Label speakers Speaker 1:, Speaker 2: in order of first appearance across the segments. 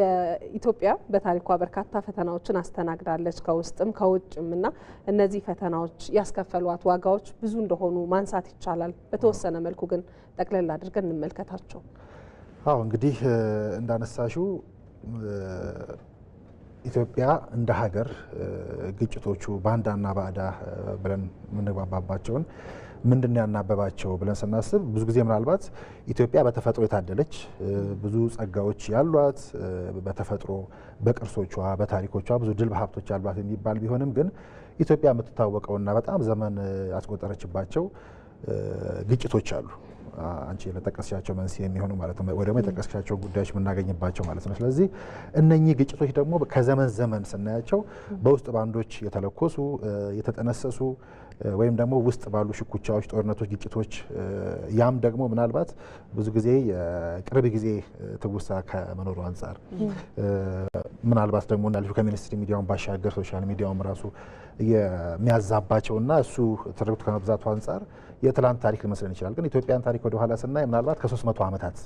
Speaker 1: የኢትዮጵያ በታሪኳ በርካታ ፈተናዎችን አስተናግዳለች ከውስጥም ከውጭም እና እነዚህ ፈተናዎች ያስከፈሏት ዋጋዎች ብዙ እንደሆኑ ማንሳት ይቻላል። በተወሰነ መልኩ ግን ጠቅለል አድርገን እንመልከታቸው።
Speaker 2: አዎ እንግዲህ እንዳነሳሹ ኢትዮጵያ እንደ ሀገር ግጭቶቹ ባንዳና ባዕዳ ብለን የምንግባባባቸውን ምንድን ነው ያናበባቸው ብለን ስናስብ ብዙ ጊዜ ምናልባት ኢትዮጵያ በተፈጥሮ የታደለች ብዙ ጸጋዎች ያሏት በተፈጥሮ በቅርሶቿ፣ በታሪኮቿ ብዙ ድል ሀብቶች ያሏት የሚባል ቢሆንም ግን ኢትዮጵያ የምትታወቀውና በጣም ዘመን ያስቆጠረችባቸው ግጭቶች አሉ። አንቺ ለጠቀስሻቸው መንስኤ የሚሆኑ ማለት ነው፣ ወይ ደግሞ የጠቀስሻቸው ጉዳዮች የምናገኝባቸው ማለት ነው። ስለዚህ እነኚህ ግጭቶች ደግሞ ከዘመን ዘመን ስናያቸው በውስጥ ባንዶች የተለኮሱ የተጠነሰሱ ወይም ደግሞ ውስጥ ባሉ ሽኩቻዎች፣ ጦርነቶች፣ ግጭቶች ያም ደግሞ ምናልባት ብዙ ጊዜ የቅርብ ጊዜ ትውሳ ከመኖሩ አንጻር ምናልባት ደግሞ እንዳልሹ ከሚኒስትሪ ሚዲያውን ባሻገር ሶሻል ሚዲያውም ራሱ የሚያዛባቸውና እሱ ትርክቱ ከመብዛቱ አንጻር የትላንት ታሪክ ሊመስለን ይችላል። ግን ኢትዮጵያን ታሪክ ወደኋላ ስናይ ምናልባት ከ300 ዓመታት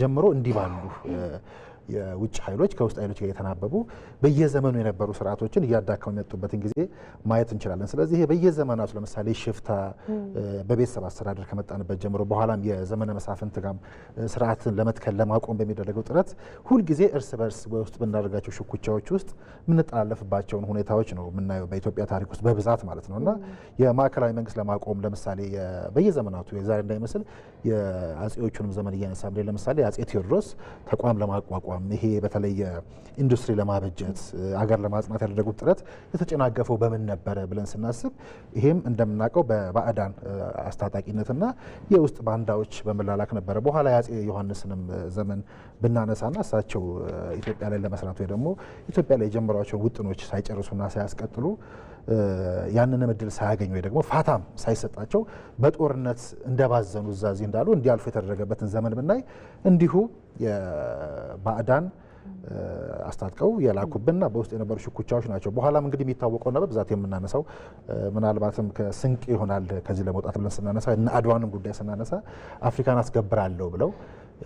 Speaker 2: ጀምሮ እንዲህ ባሉ የውጭ ኃይሎች ከውስጥ ኃይሎች ጋር የተናበቡ በየዘመኑ የነበሩ ስርዓቶችን እያዳከሙ የመጡበትን ጊዜ ማየት እንችላለን። ስለዚህ ይሄ በየዘመናቱ ለምሳሌ ሽፍታ በቤተሰብ አስተዳደር ከመጣንበት ጀምሮ በኋላም የዘመነ መሳፍንት ጋም ስርዓትን ለመትከል ለማቆም በሚደረገው ጥረት ሁልጊዜ እርስ በርስ ውስጥ ብናደርጋቸው ሽኩቻዎች ውስጥ የምንጠላለፍባቸውን ሁኔታዎች ነው የምናየው በኢትዮጵያ ታሪክ ውስጥ በብዛት ማለት ነው እና የማዕከላዊ መንግስት ለማቆም ለምሳሌ በየዘመናቱ የዛሬ እንዳይመስል የአጼዎቹንም ዘመን እያነሳ ለምሳሌ አጼ ቴዎድሮስ ተቋም ለማቋቋም አቋም ይሄ በተለየ ኢንዱስትሪ ለማበጀት አገር ለማጽናት ያደረጉት ጥረት የተጨናገፈው በምን ነበረ ብለን ስናስብ ይሄም እንደምናውቀው በባዕዳን አስታጣቂነትና የውስጥ ባንዳዎች በመላላክ ነበረ። በኋላ የአጼ ዮሐንስንም ዘመን ብናነሳና እሳቸው ኢትዮጵያ ላይ ለመስራት ወይ ደግሞ ኢትዮጵያ ላይ የጀመሯቸውን ውጥኖች ሳይጨርሱና ሳያስቀጥሉ ያንንም እድል ሳያገኙ ወይ ደግሞ ፋታም ሳይሰጣቸው በጦርነት እንደባዘኑ እዛዚህ እንዳሉ እንዲያልፉ የተደረገበትን ዘመን ብናይ እንዲሁ የባዕዳን አስታጥቀው የላኩብንና በውስጥ የነበሩ ሽኩቻዎች ናቸው። በኋላም እንግዲህ የሚታወቀው ነበር ብዛት የምናነሳው ምናልባትም ከስንቅ ይሆናል ከዚህ ለመውጣት ብለን ስናነሳ እነ አድዋንም ጉዳይ ስናነሳ አፍሪካን አስገብራለሁ ብለው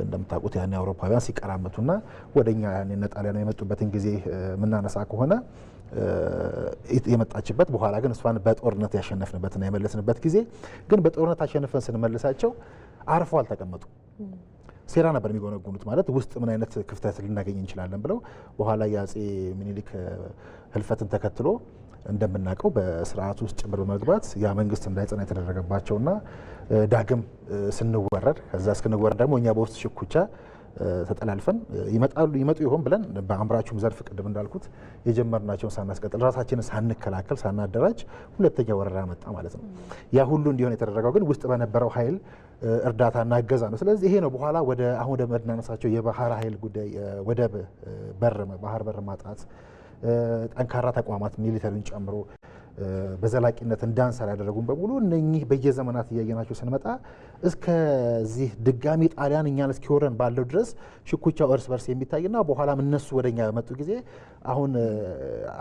Speaker 2: እንደምታውቁት ያኔ አውሮፓውያን ሲቀራመቱና ወደ እኛ ያኔ ጣሊያን የመጡበትን ጊዜ የምናነሳ ከሆነ የመጣችበት በኋላ ግን እሷን በጦርነት ያሸነፍንበትና የመለስንበት ጊዜ ግን በጦርነት አሸንፈን ስንመልሳቸው አርፈው አልተቀመጡ ሴራ ነበር የሚጎነጉኑት። ማለት ውስጥ ምን አይነት ክፍተት ልናገኝ እንችላለን ብለው በኋላ የአጼ ምኒልክ ህልፈትን ተከትሎ እንደምናውቀው በስርዓት ውስጥ ጭምር በመግባት ያ መንግስት እንዳይጸና የተደረገባቸውና ዳግም ስንወረድ ከዛ እስክንወረድ ደግሞ እኛ በውስጥ ሽኩቻ ተጠላልፈን ይመጣሉ ይመጡ ይሆን ብለን በአምራቹም ዘርፍ ቅድም እንዳልኩት የጀመርናቸውን ሳናስቀጥል ራሳችንን ሳንከላከል ሳናደራጅ ሁለተኛ ወረራ መጣ ማለት ነው። ያ ሁሉ እንዲሆን የተደረገው ግን ውስጥ በነበረው ኃይል እርዳታና እገዛ ነው። ስለዚህ ይሄ ነው በኋላ ወደ አሁን ወደ መድናነሳቸው የባህር ኃይል ጉዳይ ወደብ በር ባህር በር ማጣት ጠንካራ ተቋማት ሚሊተሪን ጨምሮ በዘላቂነት እንዳንሰራ ያደረጉን በሙሉ እነኚህ በየዘመናት እያየናቸው ስንመጣ እስከዚህ ድጋሚ ጣሊያን እኛን እስኪወረን ባለው ድረስ ሽኩቻው እርስ በርስ የሚታይና በኋላም እነሱ ወደ እኛ በመጡ ጊዜ አሁን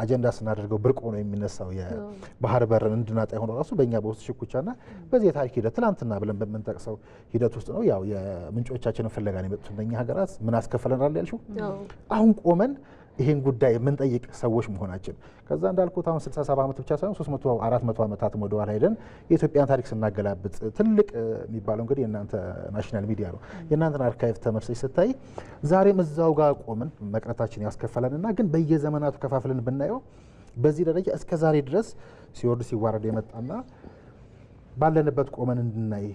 Speaker 2: አጀንዳ ስናደርገው ብርቅ ሆኖ የሚነሳው የባህር በርን እንድናጣ የሆነው ራሱ በእኛ በውስጥ ሽኩቻና በዚህ የታሪክ ሂደት ትላንትና ብለን በምንጠቅሰው ሂደት ውስጥ ነው። ያው የምንጮቻችንን ፍለጋን የመጡት እነኛ ሀገራት ምን አስከፈለናል ያልሽው አሁን ቆመን ይህን ጉዳይ የምንጠይቅ ሰዎች መሆናችን ከዛ እንዳልኩት አሁን 67 ዓመት ብቻ ሳይሆን 300 400 ዓመታትም ወደኋላ ሄደን የኢትዮጵያን ታሪክ ስናገላብጥ ትልቅ የሚባለው እንግዲህ የእናንተ ናሽናል ሚዲያ ነው። የእናንተን አርካይቭ ተመርሰች ስታይ ዛሬም እዛው ጋር ቆምን መቅረታችን ያስከፈለንና ግን በየዘመናቱ ከፋፍልን ብናየው በዚህ ደረጃ እስከ ዛሬ ድረስ ሲወርድ ሲዋረድ የመጣና ባለንበት ቆመን እንድናይ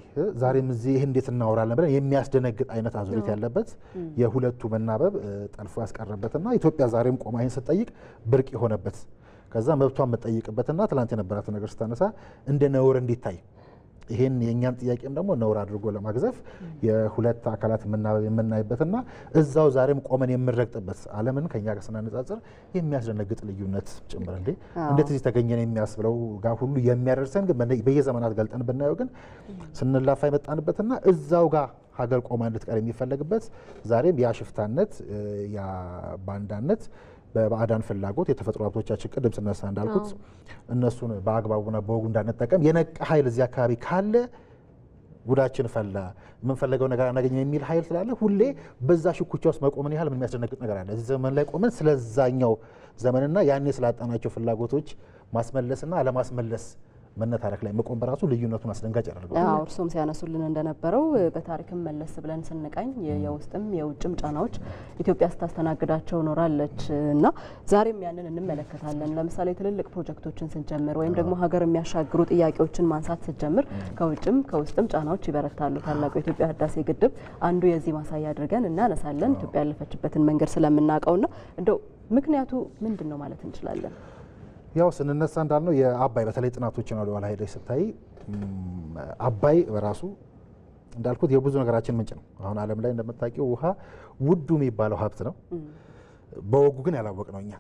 Speaker 2: ዛሬም እዚህ ይህ እንዴት እናወራለን ብለን የሚያስደነግጥ አይነት አዙሪት ያለበት የሁለቱ መናበብ ጠልፎ ያስቀረበትና ኢትዮጵያ ዛሬም ቆማ ይህን ስትጠይቅ ብርቅ የሆነበት ከዛ መብቷን የምትጠይቅበትና ትላንት የነበራትን ነገር ስታነሳ እንደ ነውር እንዲታይ ይሄን የእኛን ጥያቄም ደግሞ ነውር አድርጎ ለማግዘፍ የሁለት አካላት የምናይበትና እዛው ዛሬም ቆመን የምንረግጥበት ዓለምን ከኛ ጋር ስናነጻጽር የሚያስደነግጥ ልዩነት ጭምር እንዴ እንዴት እዚህ ተገኘን የሚያስብለው ጋር ሁሉ የሚያደርሰን ግን በየዘመናት ገልጠን ብናየው ግን ስንላፋ የመጣንበትና እዛው ጋር ሀገር ቆማ እንድትቀር የሚፈለግበት ዛሬም ያ ሽፍታነት ያ ባንዳነት በባዕዳን ፍላጎት የተፈጥሮ ሀብቶቻችን ቅድም ስነሳ እንዳልኩት እነሱን በአግባቡና በወጉ እንዳንጠቀም የነቃ ኃይል እዚህ አካባቢ ካለ ጉዳችን ፈላ፣ የምንፈለገው ነገር አናገኘ የሚል ኃይል ስላለ ሁሌ በዛ ሽኩቻ ውስጥ መቆምን ያህል ምን የሚያስደነግጥ ነገር አለ? እዚህ ዘመን ላይ ቆመን ስለዛኛው ዘመንና ያኔ ስላጣናቸው ፍላጎቶች ማስመለስና አለማስመለስ መነታረክ ላይ መቆም በራሱ ልዩነቱን አስደንጋጭ ያደርገው።
Speaker 1: አዎ እርሶም ሲያነሱልን እንደነበረው በታሪክም መለስ ብለን ስንቃኝ የውስጥም የውጭም ጫናዎች ኢትዮጵያ ስታስተናግዳቸው ኖራለች እና ዛሬም ያንን እንመለከታለን። ለምሳሌ ትልልቅ ፕሮጀክቶችን ስንጀምር ወይም ደግሞ ሀገር የሚያሻግሩ ጥያቄዎችን ማንሳት ስንጀምር ከውጭም ከውስጥም ጫናዎች ይበረታሉ። ታላቁ የኢትዮጵያ ህዳሴ ግድብ አንዱ የዚህ ማሳያ አድርገን እናነሳለን። ኢትዮጵያ ያለፈችበትን መንገድ ስለምናውቀውና እንደው ምክንያቱ ምንድን ነው ማለት እንችላለን?
Speaker 2: ያው ስንነሳ እንዳልነው የአባይ በተለይ ጥናቶችን ወደኋላ ሄደች ስታይ አባይ በራሱ እንዳልኩት የብዙ ነገራችን ምንጭ ነው። አሁን ዓለም ላይ እንደምታውቂው ውሃ ውዱ የሚባለው ሀብት ነው። በወጉ ግን ያላወቅ ነው እኛ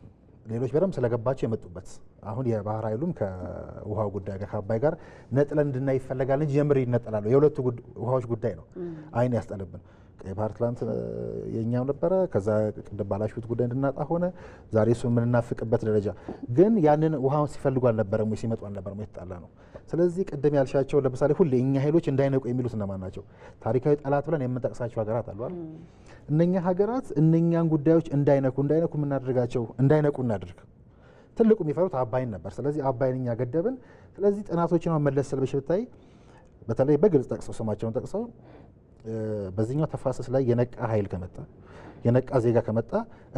Speaker 2: ሌሎች በደንብ ስለገባቸው የመጡበት አሁን የባህር ኃይሉም ከውሃ ጉዳይ ጋር ከአባይ ጋር ነጥለን እንድናይ ይፈለጋል እንጂ የምር ይነጠላሉ። የሁለቱ ውሃዎች ጉዳይ ነው አይን ያስጠልብን። ቀይ ባህር ትላንት ነበረ። ከዛ ቅድም ባላሽት ጉዳይ እንድናጣ ሆነ። ዛሬ እሱ የምንናፍቅበት ደረጃ ግን ያንን ውሃውን ሲፈልጉ አልነበረም ወይ ሲመጡ አልነበረም ወይ የተጣላ ነው። ስለዚህ ቅድም ያልሻቸው ለምሳሌ ሁሌ እኛ ኃይሎች እንዳይነቁ የሚሉት እነማን ናቸው? ታሪካዊ ጠላት ብለን የምንጠቅሳቸው ሀገራት አሉ። እነኛ ሀገራት እነኛን ጉዳዮች እንዳይነኩ እንዳይነኩ የምናደርጋቸው እንዳይነቁ እናድርግ። ትልቁ የሚፈሩት አባይን ነበር። ስለዚህ አባይን እኛ ገደብን። ስለዚህ ጥናቶችን መለስ ስልበሽ ብታይ በተለይ በግልጽ ጠቅሰው ስማቸውን ጠቅሰው በዚህኛው ተፋሰስ ላይ የነቃ ኃይል ከመጣ የነቃ ዜጋ ከመጣ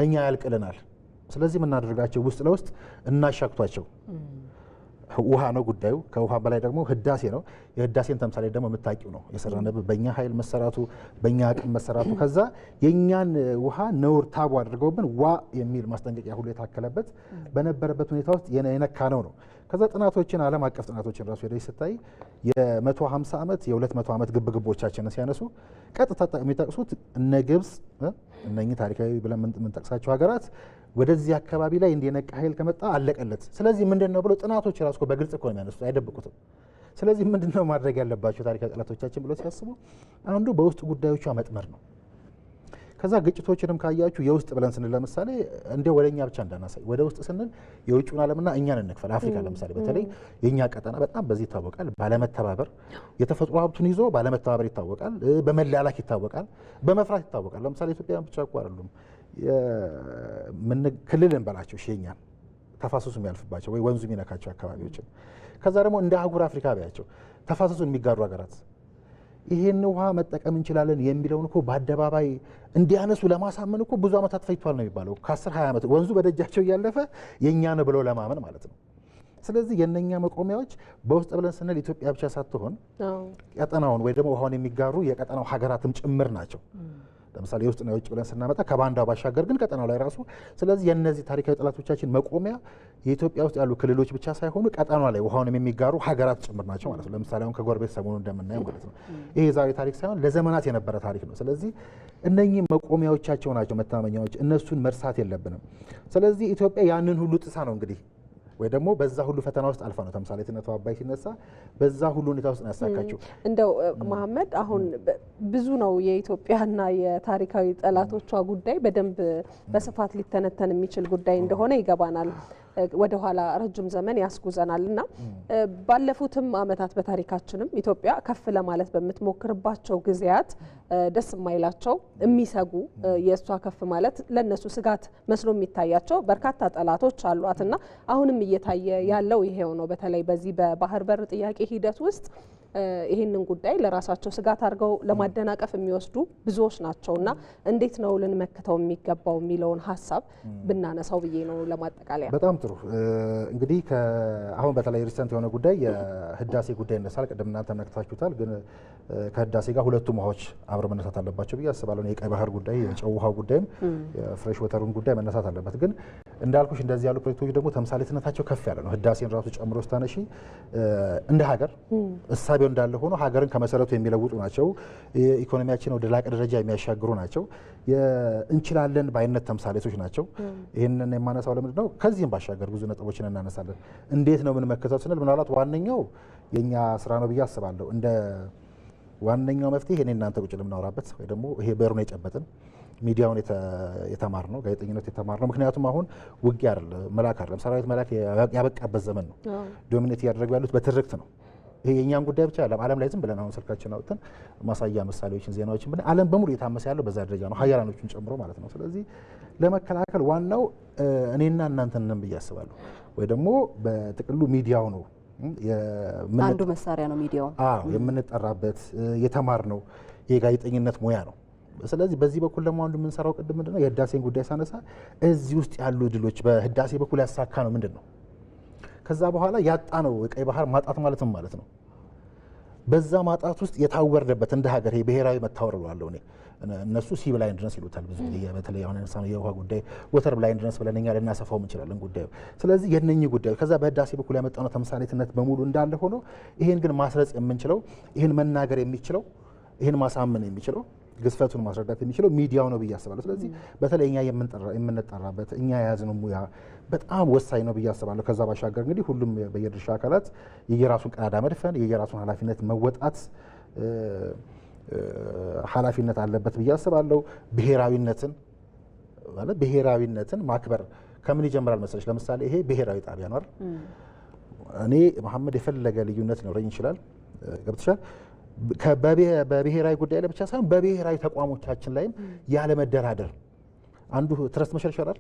Speaker 2: እኛ ያልቅልናል። ስለዚህ የምናደርጋቸው ውስጥ ለውስጥ እናሻክቷቸው ውሃ ነው ጉዳዩ። ከውሃ በላይ ደግሞ ህዳሴ ነው። የህዳሴን ተምሳሌ ደግሞ የምታውቂው ነው የሰራነብ በእኛ ኃይል መሰራቱ በእኛ አቅም መሰራቱ ከዛ የእኛን ውሃ ነውር ታቡ አድርገውብን ዋ የሚል ማስጠንቀቂያ ሁሉ የታከለበት በነበረበት ሁኔታ ውስጥ የነካ ነው ነው ከዛ ጥናቶችን ዓለም አቀፍ ጥናቶችን ራሱ ሄደች ስታይ የ150 ዓመት የ200 ዓመት ግብግቦቻችንን ሲያነሱ ቀጥታ የሚጠቅሱት እነ ግብፅ እነኚህ ታሪካዊ ብለን የምንጠቅሳቸው ሀገራት ወደዚህ አካባቢ ላይ እንዲህ የነቃ ኃይል ከመጣ አለቀለት። ስለዚህ ምንድን ነው ብሎ ጥናቶች ራሱ በግልጽ እኮ ነው የሚያነሱት፣ አይደብቁትም። ስለዚህ ምንድን ነው ማድረግ ያለባቸው ታሪካዊ ጠላቶቻችን ብሎ ሲያስቡ አንዱ በውስጥ ጉዳዮቿ መጥመር ነው። ከዛ ግጭቶችንም ካያችሁ የውስጥ ብለን ስንል ለምሳሌ እንደ ወደ እኛ ብቻ እንዳናሳይ ወደ ውስጥ ስንል የውጭውን ዓለምና እኛን እንክፈል። አፍሪካ ለምሳሌ በተለይ የእኛ ቀጠና በጣም በዚህ ይታወቃል። ባለመተባበር የተፈጥሮ ሀብቱን ይዞ ባለመተባበር ይታወቃል። በመላላክ ይታወቃል። በመፍራት ይታወቃል። ለምሳሌ ኢትዮጵያን ብቻ እኮ አይደሉም ክልል እንበላቸው ሼኛን ተፋሰሱ የሚያልፍባቸው ወይ ወንዙ የሚነካቸው አካባቢዎችን ከዛ ደግሞ እንደ አህጉር አፍሪካ ቢያቸው ተፋሰሱን የሚጋሩ ሀገራት ይሄን ውሃ መጠቀም እንችላለን የሚለውን እኮ በአደባባይ እንዲያነሱ ለማሳመን እኮ ብዙ ዓመታት ፈጅቷል ነው የሚባለው። ከ1 ሃያ ዓመት ወንዙ በደጃቸው እያለፈ የእኛ ነው ብለው ለማመን ማለት ነው። ስለዚህ የነኛ መቆሚያዎች በውስጥ ብለን ስንል ኢትዮጵያ ብቻ ሳትሆን ቀጠናውን ወይ ደግሞ ውሃውን የሚጋሩ የቀጠናው ሀገራትም ጭምር ናቸው። ለምሳሌ የውስጥና የውጭ ብለን ስናመጣ ከባንዳ ባሻገር ግን ቀጠናው ላይ ራሱ። ስለዚህ የእነዚህ ታሪካዊ ጠላቶቻችን መቆሚያ የኢትዮጵያ ውስጥ ያሉ ክልሎች ብቻ ሳይሆኑ ቀጠና ላይ ውሃውንም የሚጋሩ ሀገራት ጭምር ናቸው ማለት ነው። ለምሳሌ አሁን ከጎረቤት ሰሞኑ እንደምናየው ማለት ነው። ይሄ የዛሬ ታሪክ ሳይሆን ለዘመናት የነበረ ታሪክ ነው። ስለዚህ እነኚህ መቆሚያዎቻቸው ናቸው፣ መተማመኛዎች። እነሱን መርሳት የለብንም። ስለዚህ ኢትዮጵያ ያንን ሁሉ ጥሳ ነው እንግዲህ ወይ ደግሞ በዛ ሁሉ ፈተና ውስጥ አልፋ ነው ተምሳሌትነቱ አባይ ሲነሳ በዛ ሁሉ ሁኔታ ውስጥ ነው ያሳካችው።
Speaker 1: እንደው መሀመድ አሁን ብዙ ነው የኢትዮጵያና የታሪካዊ ጠላቶቿ ጉዳይ በደንብ በስፋት ሊተነተን የሚችል ጉዳይ እንደሆነ ይገባናል። ወደ ኋላ ረጅም ዘመን ያስጉዘናል እና ባለፉትም አመታት በታሪካችንም ኢትዮጵያ ከፍ ለማለት በምትሞክርባቸው ጊዜያት ደስ የማይላቸው የሚሰጉ የእሷ ከፍ ማለት ለእነሱ ስጋት መስሎ የሚታያቸው በርካታ ጠላቶች አሏት እና አሁንም እየታየ ያለው ይሄው ነው። በተለይ በዚህ በባህር በር ጥያቄ ሂደት ውስጥ ይህንን ጉዳይ ለራሳቸው ስጋት አድርገው ለማደናቀፍ የሚወስዱ ብዙዎች ናቸው እና እንዴት ነው ልንመክተው የሚገባው የሚለውን ሀሳብ ብናነሳው ብዬ ነው። ለማጠቃለያ
Speaker 2: በጣም ጥሩ እንግዲህ አሁን በተለይ ሪሰንት የሆነ ጉዳይ የህዳሴ ጉዳይ ይነሳል። ቅድም እናንተ መክታችሁታል፣ ግን ከህዳሴ ጋር ሁለቱም ውሃዎች አብረ መነሳት አለባቸው ብዬ አስባለሁ። የቀይ ባህር ጉዳይ፣ የጨው ውሃ ጉዳይም የፍሬሽ ወተሩን ጉዳይ መነሳት አለበት። ግን እንዳልኩሽ እንደዚህ ያሉ ፕሮጀክቶች ደግሞ ተምሳሌትነታቸው ከፍ ያለ ነው። ህዳሴን ራሱ ጨምሮ ስታነሺ እንደ ሀገር እሳቤ ተዋህዶ እንዳለ ሆኖ ሀገርን ከመሰረቱ የሚለውጡ ናቸው። ኢኮኖሚያችን ወደ ላቀ ደረጃ የሚያሻግሩ ናቸው። እንችላለን በአይነት ተምሳሌቶች ናቸው። ይህንን የማነሳው ለምንድን ነው? ከዚህም ባሻገር ብዙ ነጥቦችን እናነሳለን። እንዴት ነው የምንመከተው ስንል ምናልባት ዋነኛው የእኛ ስራ ነው ብዬ አስባለሁ። እንደ ዋነኛው መፍትሄ እኔ እናንተ ቁጭ ልምናወራበት ወይ ደግሞ ይሄ በሩን የጨበጥን ሚዲያውን የተማር ነው ጋዜጠኝነት የተማር ነው። ምክንያቱም አሁን ውጊያ አይደለም መላክ አይደለም ሰራዊት መላክ ያበቃበት ዘመን ነው። ዶሚኔት እያደረጉ ያሉት በትርክት ነው። ይሄ የእኛን ጉዳይ ብቻ አይደለም። አለም ላይ ዝም ብለን አሁን ስልካችን አውጥተን ማሳያ ምሳሌዎችን፣ ዜናዎችን ብለን አለም በሙሉ የታመሰ ያለው በዛ ደረጃ ነው፣ ሀያላኖቹን ጨምሮ ማለት ነው። ስለዚህ ለመከላከል ዋናው እኔና እናንተን ነን ብዬ አስባለሁ። ወይ ደግሞ በጥቅሉ ሚዲያው ነው
Speaker 1: አንዱ መሳሪያ ነው ሚዲያው።
Speaker 2: አዎ የምንጠራበት የተማር ነው የጋዜጠኝነት ሙያ ነው። ስለዚህ በዚህ በኩል ደግሞ አንዱ የምንሰራው ቅድም ምንድነው የህዳሴን ጉዳይ ሳነሳ እዚህ ውስጥ ያሉ ድሎች በህዳሴ በኩል ያሳካ ነው ምንድን ነው ከዛ በኋላ ያጣ ነው የቀይ ባህር ማጣት ማለትም ማለት ነው። በዛ ማጣት ውስጥ የታወርደበት እንደ ሀገር ብሔራዊ መታወር ብሏለሁ እኔ እነሱ ሲ ብላይንድነስ ይሉታል ብዙ ጊዜ በተለይ አሁን ለምሳሌ የውሃ ጉዳይ ወተር ብላይንድነስ ብለን እኛ ልናሰፋው እንችላለን ጉዳዩ። ስለዚህ የነኚህ ጉዳዮች ከዛ በህዳሴ በኩል ያመጣነው ተምሳሌትነት በሙሉ እንዳለ ሆኖ ይህን ግን ማስረጽ የምንችለው ይህን መናገር የሚችለው ይህን ማሳመን የሚችለው ግዝፈቱን ማስረዳት የሚችለው ሚዲያው ነው ብዬ አስባለሁ። ስለዚህ በተለይ እኛ የምንጠራበት እኛ የያዝነው ሙያ በጣም ወሳኝ ነው ብዬ አስባለሁ። ከዛ ባሻገር እንግዲህ ሁሉም በየድርሻ አካላት የየራሱን ቀዳዳ መድፈን የየራሱን ኃላፊነት መወጣት ኃላፊነት አለበት ብዬ አስባለሁ። ብሔራዊነትን ማለት ብሔራዊነትን ማክበር ከምን ይጀምራል መሰለች? ለምሳሌ ይሄ ብሔራዊ ጣቢያ ነው። እኔ መሐመድ የፈለገ ልዩነት ሊኖረኝ ይችላል። ገብትሻል በብሔራዊ ጉዳይ ላይ ብቻ ሳይሆን በብሔራዊ ተቋሞቻችን ላይም ያለመደራደር አንዱ ትረስት መሸርሸራል።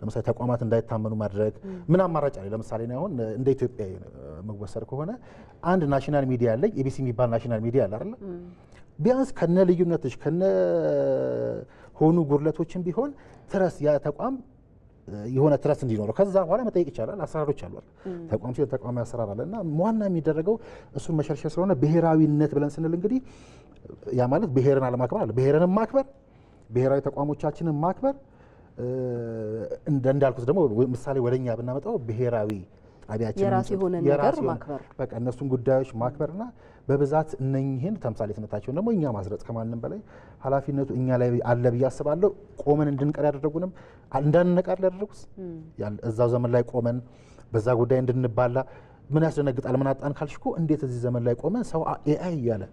Speaker 2: ለምሳሌ ተቋማት እንዳይታመኑ ማድረግ ምን አማራጭ አለ? ለምሳሌ እኔ አሁን እንደ ኢትዮጵያ መወሰድ ከሆነ አንድ ናሽናል ሚዲያ አለ፣ ኤቢሲ የሚባል ናሽናል ሚዲያ አለ አይደለ? ቢያንስ ከነ ልዩነቶች ከነ ሆኑ ጉድለቶችን ቢሆን ትረስ ያ ተቋም የሆነ ትረስ እንዲኖረው ከዛ በኋላ መጠየቅ ይቻላል። አሰራሮች አሏል። ተቋም ሲል ተቋማዊ አሰራር አለ እና ዋና የሚደረገው እሱን መሸርሸር ስለሆነ ብሔራዊነት ብለን ስንል እንግዲህ ያ ማለት ብሔርን አለማክበር አለ። ብሔርንም ማክበር፣ ብሔራዊ ተቋሞቻችንን ማክበር እንዳልኩት ደግሞ ምሳሌ ወደኛ ብናመጣው ብሔራዊ ጣቢያችን
Speaker 1: የራስ የሆነ ነገር ማክበር
Speaker 2: በቃ እነሱን ጉዳዮች ማክበርና በብዛት እነኝህን ተምሳሌትነታቸውን ደግሞ እኛ ማስረጽ ከማንም በላይ ኃላፊነቱ እኛ ላይ አለ ብዬ አስባለሁ። ቆመን እንድንቀር ያደረጉንም እንዳንነቃል ያደረጉት እዛው ዘመን ላይ ቆመን በዛ ጉዳይ እንድንባላ ምን ያስደነግጣል? ምን አጣን ካልሽኮ እንዴት እዚህ ዘመን ላይ ቆመን ሰው ኤአይ እያለ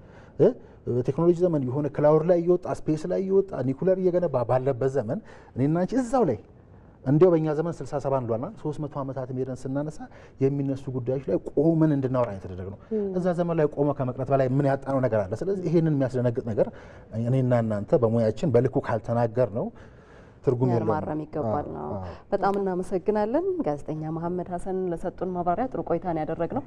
Speaker 2: ቴክኖሎጂ ዘመን የሆነ ክላውድ ላይ እየወጣ ስፔስ ላይ እየወጣ ኒኩለር እየገነባ ባለበት ዘመን እኔና አንቺ እዛው ላይ እንዲያው በእኛ ዘመን 67 አንዷና 300 ዓመታት ሄደን ስናነሳ የሚነሱ ጉዳዮች ላይ ቆመን እንድናወራ የተደረገ ነው። እዛ ዘመን ላይ ቆመ ከመቅረት በላይ ምን ያጣነው ነገር አለ? ስለዚህ ይሄንን የሚያስደነግጥ ነገር እኔና እናንተ በሙያችን በልኩ ካልተናገር ነው ትርጉም የለውም።
Speaker 1: ማረም ይገባል ነው። በጣም እናመሰግናለን ጋዜጠኛ መሀመድ ሀሰን ለሰጡን ማብራሪያ። ጥሩ ቆይታን ያደረግ ነው።